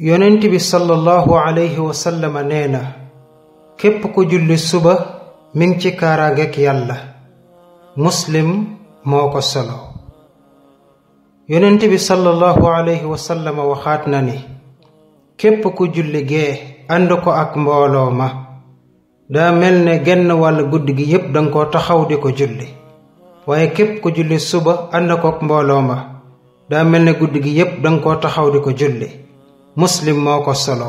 yonent bi sallallahu alayhi wa nee na képp ku julli suba mi ngi ci kaaraangeeg yàlla muslim moo ko solo yonent bi sallallahu alayhi wa sallam waxaat na ni képp ku julli gee ànd ko ak mbooloo ma daa mel ne genn wàll gudd gi yépp danga ko taxaw di ko julli waaye képp ku julli suba ànd ko ak mbooloo ma daa mel ne guddi gi yépp danga ko taxaw di ko julli muslim moo ko solo